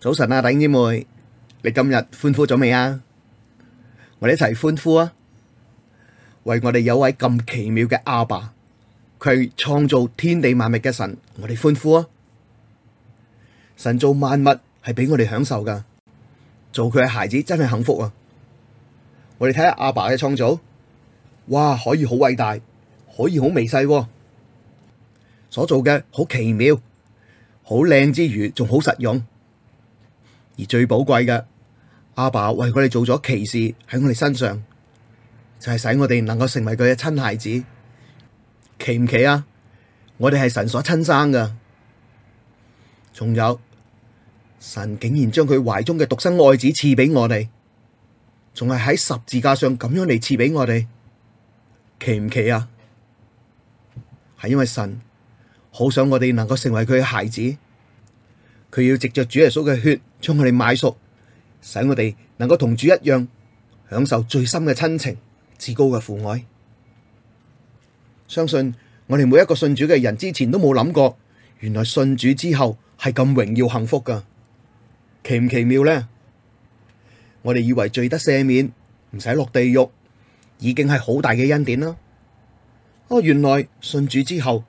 早晨啊，弟兄姊妹，你今日歡呼咗未啊？我哋一齊歡呼啊！為我哋有位咁奇妙嘅阿爸，佢係創造天地萬物嘅神，我哋歡呼啊！神造萬物係俾我哋享受噶，做佢嘅孩子真係幸福啊！我哋睇下阿爸嘅創造，哇，可以好偉大，可以好微細啊，所做嘅好奇妙，好靚之餘仲好實用。而最寶貴嘅阿爸為佢哋做咗奇事喺我哋身上，就係、是、使我哋能夠成為佢嘅親孩子，奇唔奇啊？我哋係神所親生噶，仲有神竟然將佢懷中嘅獨生愛子賜俾我哋，仲係喺十字架上咁樣嚟賜俾我哋，奇唔奇啊？係因為神好想我哋能夠成為佢嘅孩子。佢要藉着主耶穌嘅血將佢哋買贖，使我哋能夠同主一樣享受最深嘅親情、至高嘅父愛。相信我哋每一個信主嘅人之前都冇諗過，原來信主之後係咁榮耀幸福噶。奇唔奇妙呢？我哋以為罪得赦免，唔使落地獄，已經係好大嘅恩典啦。哦，原來信主之後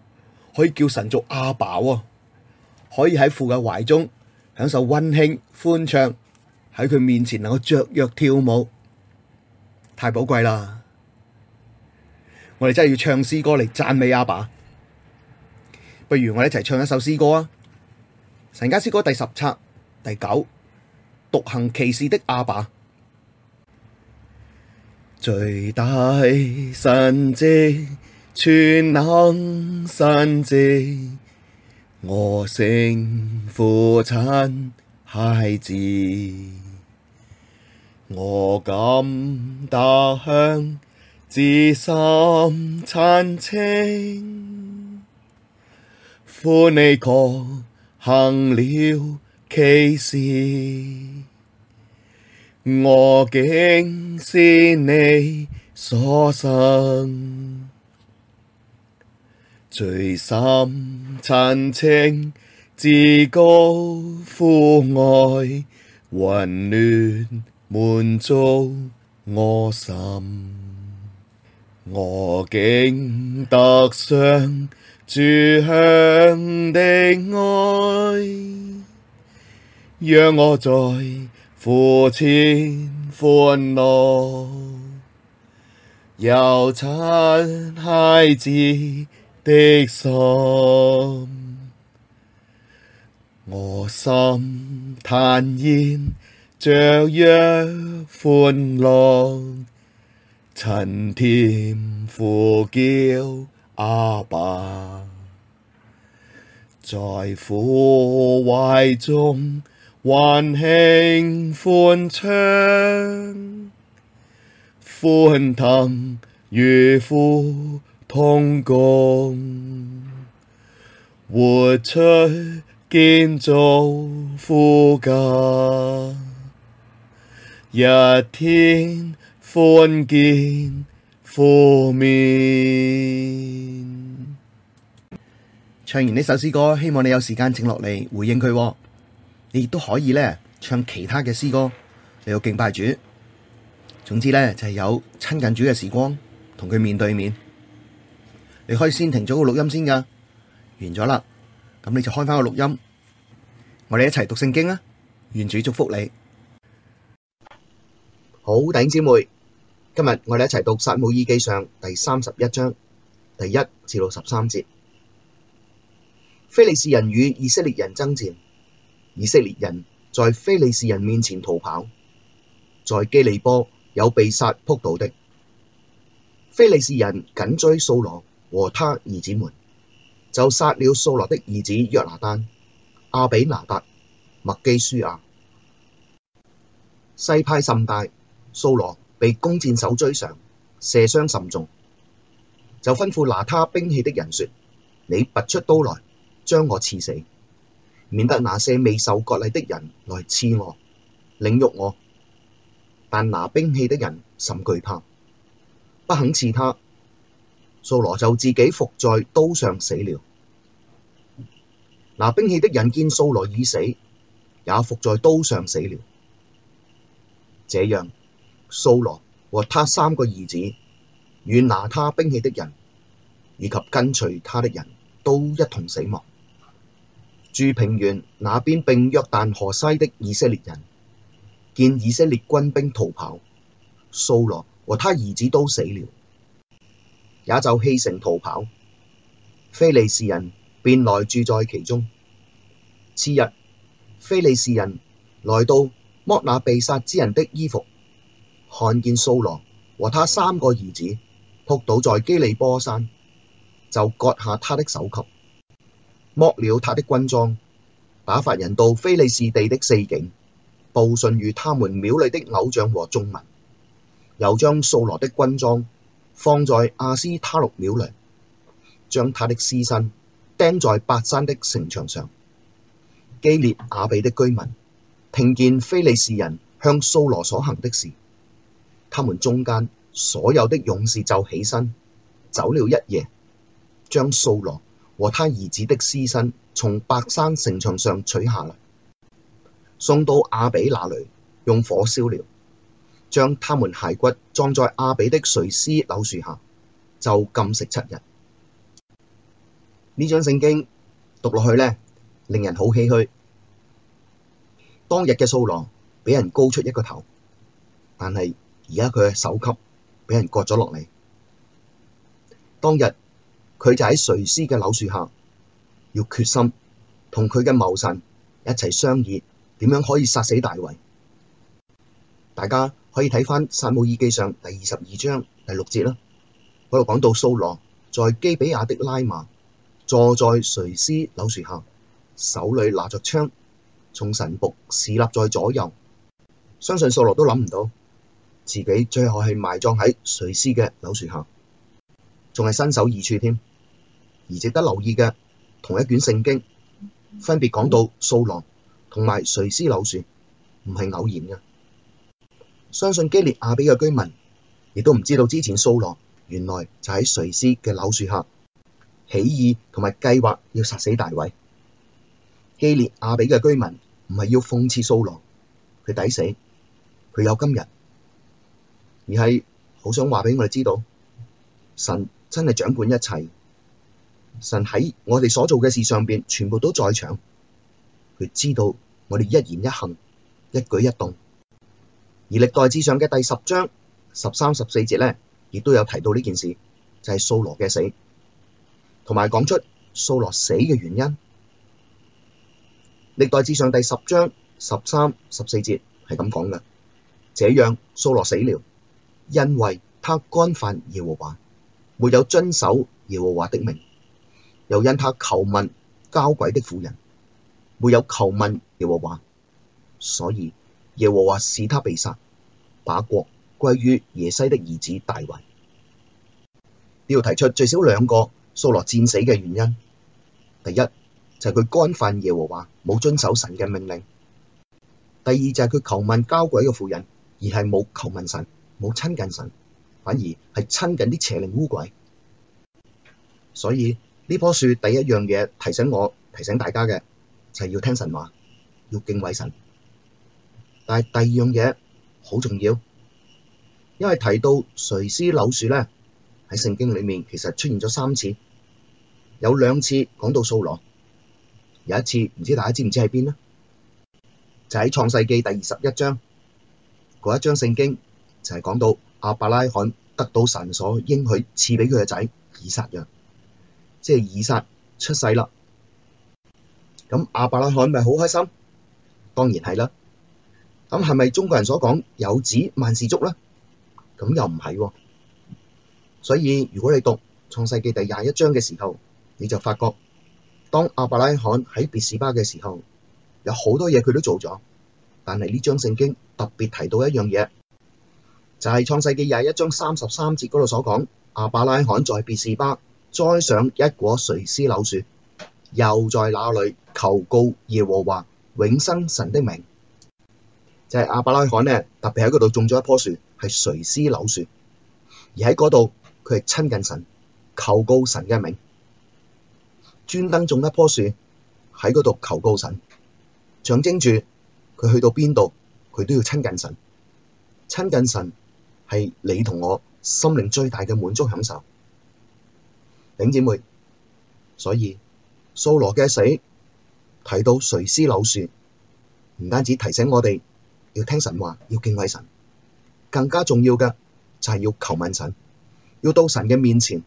可以叫神做阿爸啊！可以喺父嘅懷中享受溫馨、歡暢，喺佢面前能夠雀躍跳舞，太寶貴啦！我哋真係要唱詩歌嚟讚美阿爸。不如我哋一齊唱一首詩歌啊！神家詩歌第十冊第九，獨行奇事的阿爸，最大神蹟，全能神蹟。我成父親，孩子，我今得享，至深親情，父，你確行了奇事，我竟是你所生。最深親情，至高父愛溫暖，滿足我心。我竟得嘗主享的愛，讓我在父前歡樂，有親孩子。的心，我心坦然，雀躍、歡樂，親甜呼叫阿爸，在父懷中還慶歡唱，歡騰與父。同工活出建造父家，一天歡見父面。唱完呢首詩歌，希望你有時間靜落嚟，回應佢喎。你亦都可以咧唱其他嘅詩歌，你有敬拜主。總之咧就係有親近主嘅時光，同佢面對面。你可以先停咗個錄音先㗎，完咗啦，咁你就開返個錄音，我哋一齊讀聖經啊。願主祝福你，好頂姊妹。今日我哋一齊讀撒母耳記上第三十一章第一至到十三節。非利士人與以色列人爭戰，以色列人在非利士人面前逃跑，在基利波有被殺仆倒的，非利士人緊追掃羅。和他兒子們，就殺了掃羅的兒子約拿單、亞比拿達、麥基舒亞。勢派甚大，掃羅被弓箭手追上，射傷甚重，就吩咐拿他兵器的人說：你拔出刀來，將我刺死，免得那些未受割禮的人來刺我，凌辱我。但拿兵器的人甚懼怕，不肯刺他。掃羅就自己伏在刀上死了。拿兵器的人見掃羅已死，也伏在刀上死了。這樣，掃羅和他三個兒子，與拿他兵器的人，以及跟隨他的人，都一同死亡。住平原那邊並約但河西的以色列人見以色列軍兵逃跑，掃羅和他兒子都死了。也就棄城逃跑。非利士人便來住在其中。次日，非利士人來到剝那被殺之人的衣服，看見掃羅和他三個兒子仆倒在基利波山，就割下他的首級，剝了他的軍裝，打發人到非利士地的四境，報信與他們廟裡的偶像和眾民，又將掃羅的軍裝。放在亞斯她錄廟裏，將他的屍身釘在伯珊的城牆上。基列雅比的居民聽見非利士人向掃羅所行的事，他們中間所有的勇士就起身，走了一夜，將掃羅和他兒子的屍身從伯珊城牆上取下來，送到雅比那裡，用火燒了。將他們骸骨葬在雅比的垂絲柳樹下，就禁食七日。呢張聖經讀落去呢，令人好唏噓。當日嘅掃羅俾人高出一個頭，但係而家佢嘅首級俾人割咗落嚟。當日佢就喺垂絲嘅柳樹下，要決心同佢嘅謀臣一齊商議點樣可以殺死大衛。大家。可以睇翻《撒母耳記》上第二十二章第六節啦。我又講到，掃羅在基比亞的拉馬，坐在垂絲柳樹下，手裏拿着槍，從神僕侍立在左右。相信掃羅都諗唔到自己最後係埋葬喺垂絲嘅柳樹下，仲係身首異處添。而值得留意嘅，同一卷聖經分別講到掃羅同埋垂絲柳樹，唔係偶然嘅。相信基列雅比嘅居民，亦都唔知道之前掃羅原來就喺垂絲嘅柳樹下起意，同埋計劃要殺死大衛。基列雅比嘅居民唔係要諷刺掃羅，佢抵死，佢有今日，而係好想話畀我哋知道，神真係掌管一切，神喺我哋所做嘅事上邊，全部都在場，佢知道我哋一言一行、一舉一動。而歷代志上嘅第十章十三、十四節呢，亦都有提到呢件事，就係掃羅嘅死，同埋講出掃羅死嘅原因。歷代志上第十章十三、十四節係咁講嘅：這樣掃羅死了，因為他干犯耶和華，沒有遵守耶和華的命，又因他求問交鬼的婦人，沒有求問耶和華，所以，耶和華使他被殺，把國歸於耶西的兒子大衛。你要提出最少兩個掃羅戰死嘅原因。第一就係佢干犯耶和華，冇遵守神嘅命令。第二就係佢求問交鬼嘅婦人，而係冇求問神，冇親近神，反而係親近啲邪靈污鬼。所以呢棵樹第一樣嘢提醒我、提醒大家嘅就係、是、要聽神話，要敬畏神。但係第二樣嘢，好重要，因為提到垂絲柳樹咧，喺聖經裏面其實出現咗三次，有兩次講到掃羅，有一次唔知大家知唔知喺邊呢，就喺創世紀第二十一章，嗰一章聖經就係講到阿伯拉罕得到神所應許賜俾佢嘅仔以撒嘅，即係以撒出世啦，咁阿伯拉罕咪好開心，當然係啦。咁係咪中國人所講有子萬事足呢？咁又唔係喎。所以如果你讀創世記第廿一章嘅時候，你就發覺，當阿伯拉罕喺別士巴嘅時候，有好多嘢佢都做咗，但係呢章聖經特別提到一樣嘢，就係、是、創世記廿一章三十三節嗰度所講，阿伯拉罕在別士巴栽上一果垂絲柳樹，又在哪裏求告耶和華永生神的名。就係亞伯拉罕咧，特別喺嗰度種咗一棵樹，係垂絲柳樹。而喺嗰度，佢係親近神、求告神嘅名，專登種一棵樹喺嗰度求告神，象徵住佢去到邊度佢都要親近神。親近神係你同我心靈最大嘅滿足享受，頂姐妹。所以掃羅嘅死提到垂絲柳樹，唔單止提醒我哋。要聽神話，要敬畏神，更加重要嘅就係要求問神，要到神嘅面前，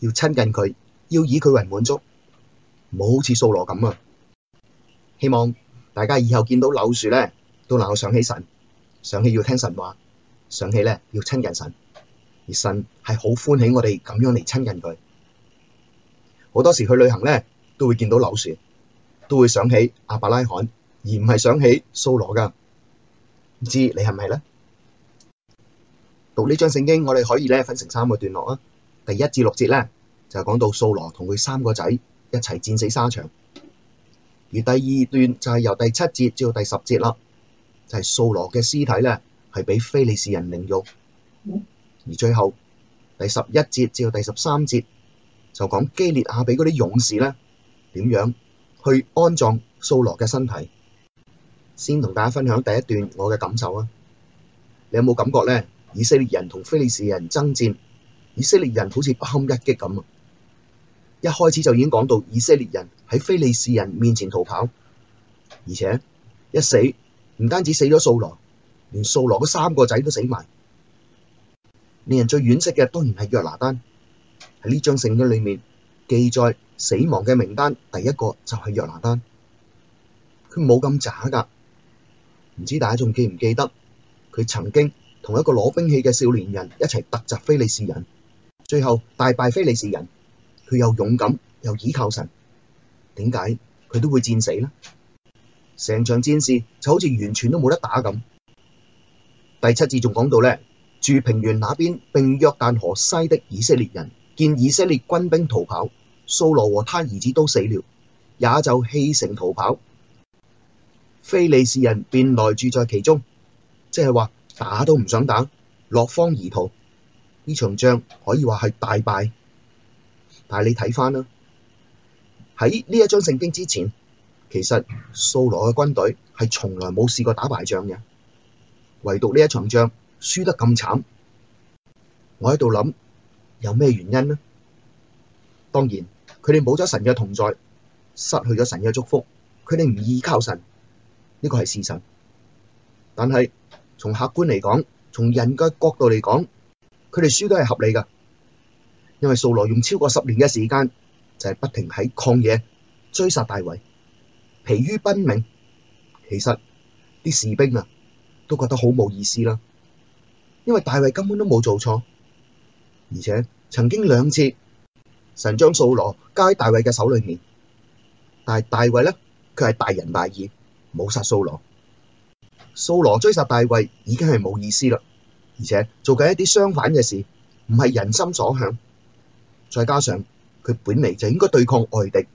要親近佢，要以佢為滿足，唔好似掃羅咁啊！希望大家以後見到柳樹咧，都能夠想起神，想起要聽神話，想起咧要親近神，而神係好歡喜我哋咁樣嚟親近佢。好多時去旅行咧，都會見到柳樹，都會想起亞伯拉罕，而唔係想起掃羅噶。唔知你係咪係咧？讀呢章聖經，我哋可以咧分成三個段落啊。第一至六節咧就講到掃羅同佢三個仔一齊戰死沙場，而第二段就係由第七節至到第十節啦，就係、是、掃羅嘅屍體咧係畀非利士人凌辱；而最後第十一節至到第十三節就講基列亞比嗰啲勇士咧點樣去安葬掃羅嘅身體。先同大家分享第一段我嘅感受啊！你有冇感覺咧？以色列人同非利士人爭戰，以色列人好似不堪一擊咁啊！一開始就已經講到以色列人喺非利士人面前逃跑，而且一死，唔單止死咗掃羅，連掃羅嗰三個仔都死埋。令人最惋惜嘅當然係約拿單。喺呢張聖經裡面記載死亡嘅名單，第一個就係約拿單。佢冇咁渣噶。唔知大家仲記唔記得佢曾經同一個攞兵器嘅少年人一齊突襲非利士人，最後大敗非利士人。佢又勇敢又倚靠神，點解佢都會戰死呢？成場戰事就好似完全都冇得打咁。第七節仲講到咧，住平原那邊並約旦河西的以色列人見以色列軍兵逃跑，掃羅和他兒子都死了，也就棄城逃跑。非利士人便來住在其中，即係話打都唔想打，落荒而逃。呢場仗可以話係大敗，但係你睇翻，啦，喺呢一章聖經之前，其實掃羅嘅軍隊係從來冇試過打敗仗嘅，唯獨呢一場仗輸得咁慘。我喺度諗，有咩原因呢？當然，佢哋冇咗神嘅同在，失去咗神嘅祝福，佢哋唔依靠神。呢個係事實，但係從客觀嚟講，從人嘅角度嚟講，佢哋輸都係合理噶。因為掃羅用超過十年嘅時間，就係、是、不停喺曠野追殺大衛，疲於奔命。其實啲士兵啊，都覺得好冇意思啦。因為大衛根本都冇做錯，而且曾經兩次神將掃羅交喺大衛嘅手裏面，但係大衛咧，佢係大仁大義。冇殺掃羅，掃羅追殺大衛已經係冇意思啦。而且做緊一啲相反嘅事，唔係人心所向。再加上佢本嚟就應該對抗外敵，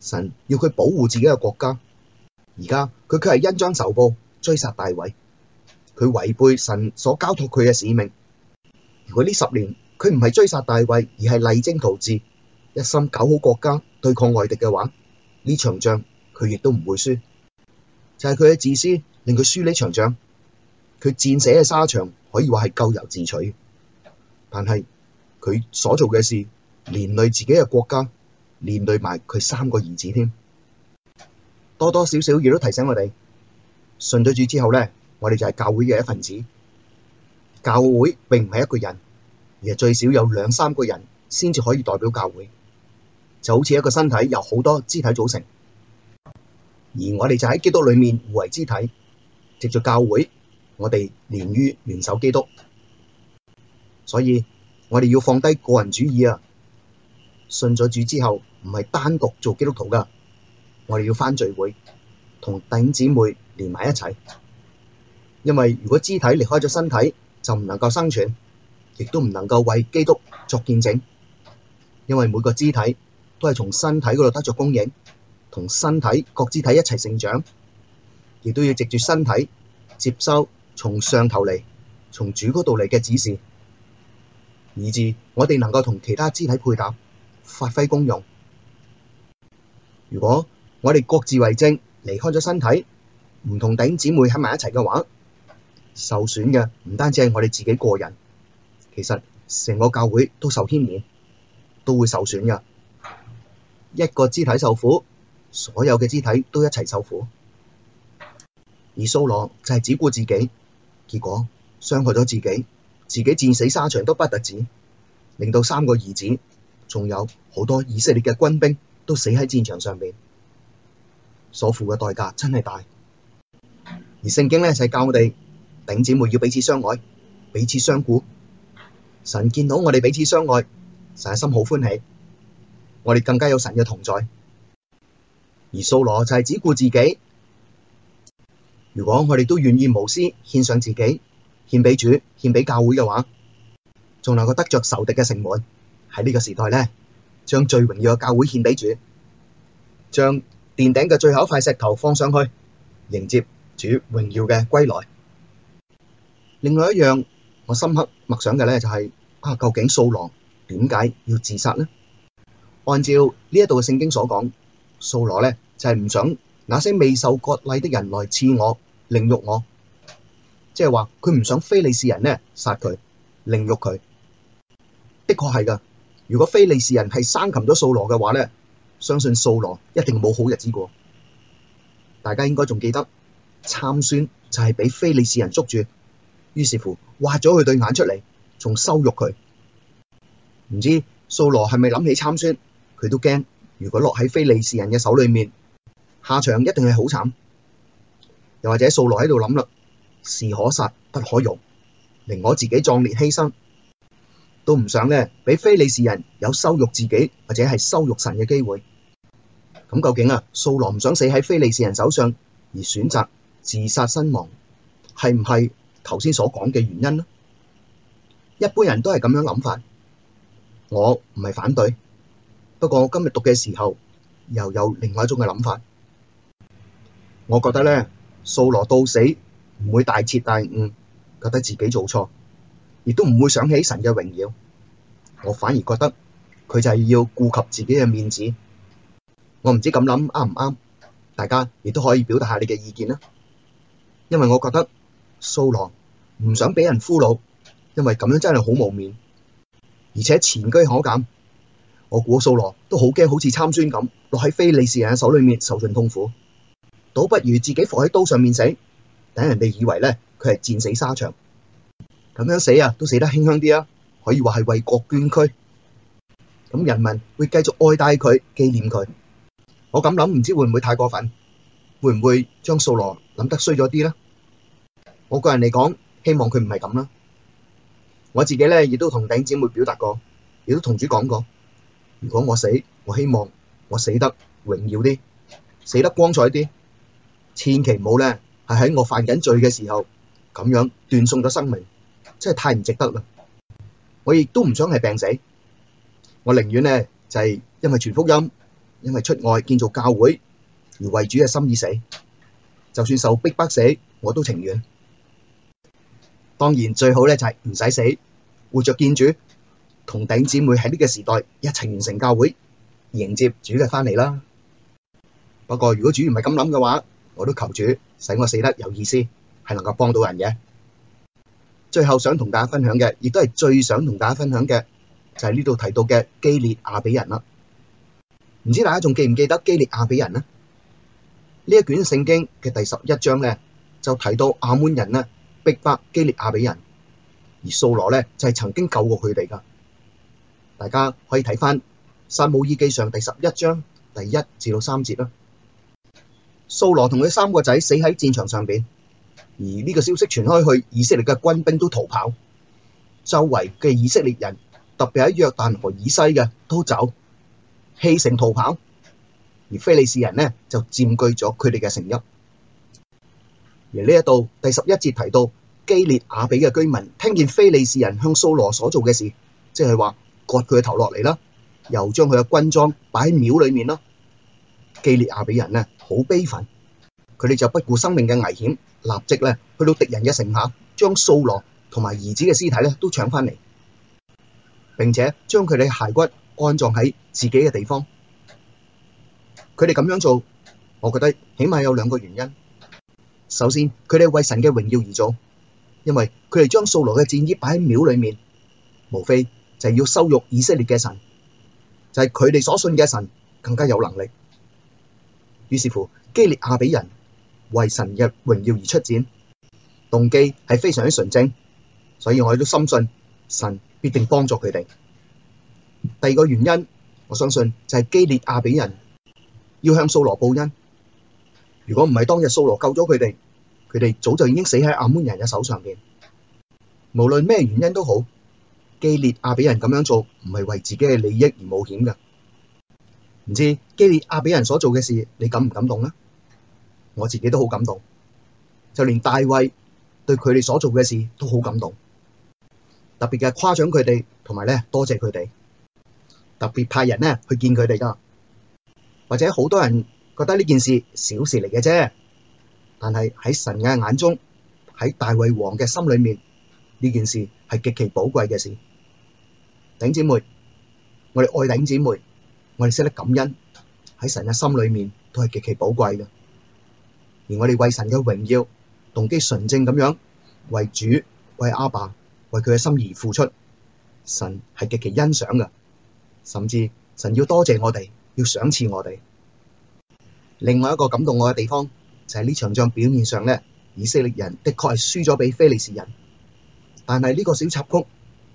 神要佢保護自己嘅國家。而家佢卻係恩將仇報追殺大衛，佢違背神所交託佢嘅使命。如果呢十年佢唔係追殺大衛，而係勵精圖治，一心搞好國家對抗外敵嘅話，呢場仗佢亦都唔會輸。就係佢嘅自私，令佢輸呢場仗，佢戰死喺沙場可以話係咎由自取。但係佢所做嘅事，連累自己嘅國家，連累埋佢三個兒子添。多多少少亦都提醒我哋，信咗主之後咧，我哋就係教會嘅一份子。教會並唔係一個人，而係最少有兩三個人先至可以代表教會。就好似一個身體由好多肢體組成。而我哋就喺基督裏面互為肢體，藉住教會，我哋連於聯手基督。所以，我哋要放低個人主義啊！信咗主之後，唔係單獨做基督徒噶，我哋要返聚會，同弟兄姊妹連埋一齊。因為如果肢體離開咗身體，就唔能夠生存，亦都唔能夠為基督作見證。因為每個肢體都係從身體嗰度得咗供應。同身體各肢體一齊成長，亦都要藉住身體接收從上頭嚟、從主嗰度嚟嘅指示，以致我哋能夠同其他肢體配搭，發揮功用。如果我哋各自為政，離開咗身體，唔同弟兄姊妹喺埋一齊嘅話，受損嘅唔單止係我哋自己個人，其實成個教會都受牽連，都會受損㗎。一個肢體受苦，所有嘅肢體都一齊受苦，而掃羅就係只顧自己，結果傷害咗自己，自己戰死沙場都不特止，令到三個兒子，仲有好多以色列嘅軍兵都死喺戰場上面。所付嘅代價真係大。而聖經呢，就係教我哋頂姊妹要彼此相愛，彼此相顧，神見到我哋彼此相愛，神嘅心好歡喜，我哋更加有神嘅同在。而掃羅就係只顧自己。如果我哋都願意無私獻上自己，獻畀主，獻畀教會嘅話，仲能夠得着仇敵嘅城門。喺呢個時代咧，將最榮耀嘅教會獻俾主，將殿頂嘅最後一塊石頭放上去，迎接主榮耀嘅歸來。另外一樣我深刻默想嘅咧、就是，就係啊，究竟掃羅點解要自殺咧？按照呢一度嘅聖經所講。素羅咧就係唔想那些未受割禮的人來刺我、凌辱我，即係話佢唔想非利士人咧殺佢凌辱佢。的確係噶，如果非利士人係生擒咗掃羅嘅話咧，相信掃羅一定冇好日子過。大家應該仲記得參孫就係俾非利士人捉住，於是乎挖咗佢對眼出嚟，仲羞辱佢。唔知掃羅係咪諗起參孫，佢都驚。如果落喺非利士人嘅手裏面，下場一定係好慘。又或者掃羅喺度諗啦，士可殺，不可辱，令我自己壯烈犧牲，都唔想咧，俾非利士人有羞辱自己或者係羞辱神嘅機會。咁究竟啊，掃羅唔想死喺非利士人手上，而選擇自殺身亡，係唔係頭先所講嘅原因呢？一般人都係咁樣諗法，我唔係反對。不過我今日讀嘅時候，又有另外一種嘅諗法。我覺得咧，掃羅到死唔會大徹大悟，覺得自己做錯，亦都唔會想起神嘅榮耀。我反而覺得佢就係要顧及自己嘅面子。我唔知咁諗啱唔啱，大家亦都可以表達下你嘅意見啦。因為我覺得掃羅唔想俾人俘虜，因為咁樣真係好無面，而且前居可減。我估掃羅都好驚，好似參孫咁落喺非利士人手裏面受盡痛苦，倒不如自己伏喺刀上面死，等人哋以為咧佢係戰死沙場，咁樣死啊都死得馨香啲啦，啊。可以話係為國捐軀，咁人民會繼續愛戴佢、紀念佢。我咁諗唔知會唔會太過分，會唔會將掃羅諗得衰咗啲咧？我個人嚟講，希望佢唔係咁啦。我自己咧亦都同頂姊妹表達過，亦都同主講過。如果我死，我希望我死得榮耀啲，死得光彩啲，千祈唔好咧，係喺我犯緊罪嘅時候咁樣斷送咗生命，真係太唔值得啦！我亦都唔想係病死，我寧願咧就係因為傳福音，因為出外建造教會而為主嘅心意死，就算受逼迫死，我都情願。當然最好咧就係唔使死，活着見主。同頂姊妹喺呢個時代一齊完成教會，迎接主嘅翻嚟啦。不過如果主唔係咁諗嘅話，我都求主使我死得有意思，係能夠幫到人嘅。最後想同大家分享嘅，亦都係最想同大家分享嘅，就係呢度提到嘅基列亞比人啦。唔知大家仲記唔記得基列亞比人呢？呢一卷聖經嘅第十一章呢，就提到亞門人呢，逼迫基列亞比人，而掃羅呢，就係、是、曾經救過佢哋噶。大家可以睇翻《撒母耳記上》上第十一章第一至到三節咯。掃羅同佢三個仔死喺戰場上邊，而呢個消息傳開去，以色列嘅軍兵都逃跑，周圍嘅以色列人，特別喺約旦和以西嘅都走棄城逃跑，而菲利士人呢就佔據咗佢哋嘅成邑。而呢一度第十一節提到基列雅比嘅居民聽見菲利士人向掃羅所做嘅事，即係話。割佢嘅頭落嚟啦，又將佢嘅軍裝擺喺廟裏面咯。基列雅比人咧好悲憤，佢哋就不顧生命嘅危險，立即咧去到敵人嘅城下，將掃羅同埋兒子嘅屍體咧都搶翻嚟，並且將佢哋骸骨安葬喺自己嘅地方。佢哋咁樣做，我覺得起碼有兩個原因。首先，佢哋為神嘅榮耀而做，因為佢哋將掃羅嘅戰衣擺喺廟裏面，無非。就係要羞辱以色列嘅神，就係佢哋所信嘅神更加有能力。於是乎，基列雅比人為神嘅榮耀而出戰，動機係非常之純正。所以我哋都深信神必定幫助佢哋。第二個原因，我相信就係基列雅比人要向掃羅報恩。如果唔係當日掃羅救咗佢哋，佢哋早就已經死喺亞捫人嘅手上邊。無論咩原因都好。基列雅比人咁樣做唔係為自己嘅利益而冒險噶，唔知基列雅比人所做嘅事你感唔感動咧？我自己都好感動，就連大衛對佢哋所做嘅事都好感動，特別嘅誇獎佢哋，同埋咧多謝佢哋，特別派人咧去見佢哋噶，或者好多人覺得呢件事小事嚟嘅啫，但係喺神嘅眼中，喺大衛王嘅心裏面，呢件事係極其寶貴嘅事。頂姐妹，我哋愛頂姐妹，我哋識得感恩，喺神嘅心裏面都係極其寶貴嘅。而我哋為神嘅榮耀動機純正咁樣為主為阿爸為佢嘅心而付出，神係極其欣賞嘅，甚至神要多謝我哋，要賞賜我哋。另外一個感動我嘅地方就係呢場仗表面上咧，以色列人的確係輸咗俾非利士人，但係呢個小插曲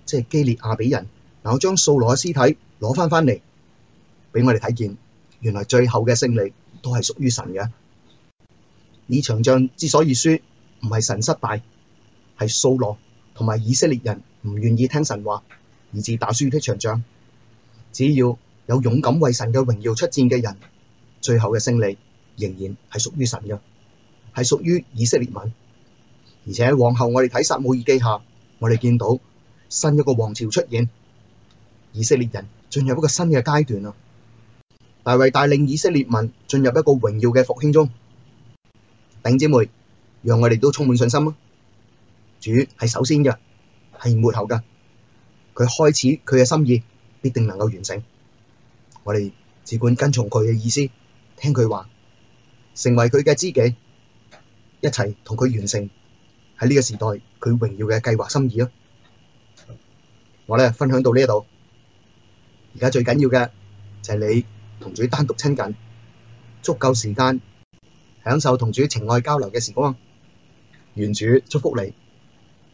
即係基列雅比人。然後將掃羅嘅屍體攞翻翻嚟俾我哋睇見，原來最後嘅勝利都係屬於神嘅。呢場仗之所以輸，唔係神失敗，係掃羅同埋以色列人唔願意聽神話，以致打輸呢場仗。只要有勇敢為神嘅榮耀出戰嘅人，最後嘅勝利仍然係屬於神嘅，係屬於以色列民。而且往後我哋睇撒母耳記下，我哋見到新一個王朝出現。以色列人進入一個新嘅階段啦，大衛帶領以色列民進入一個榮耀嘅復興中。弟兄姊妹，讓我哋都充滿信心咯。主係首先嘅，係末後嘅。佢開始佢嘅心意必定能夠完成。我哋只管跟從佢嘅意思，聽佢話，成為佢嘅知己，一齊同佢完成，喺呢個時代佢榮耀嘅計劃心意咯。我咧分享到呢一度。而家最緊要嘅就係、是、你同主單獨親近，足夠時間享受同主情愛交流嘅時光。願主祝福你。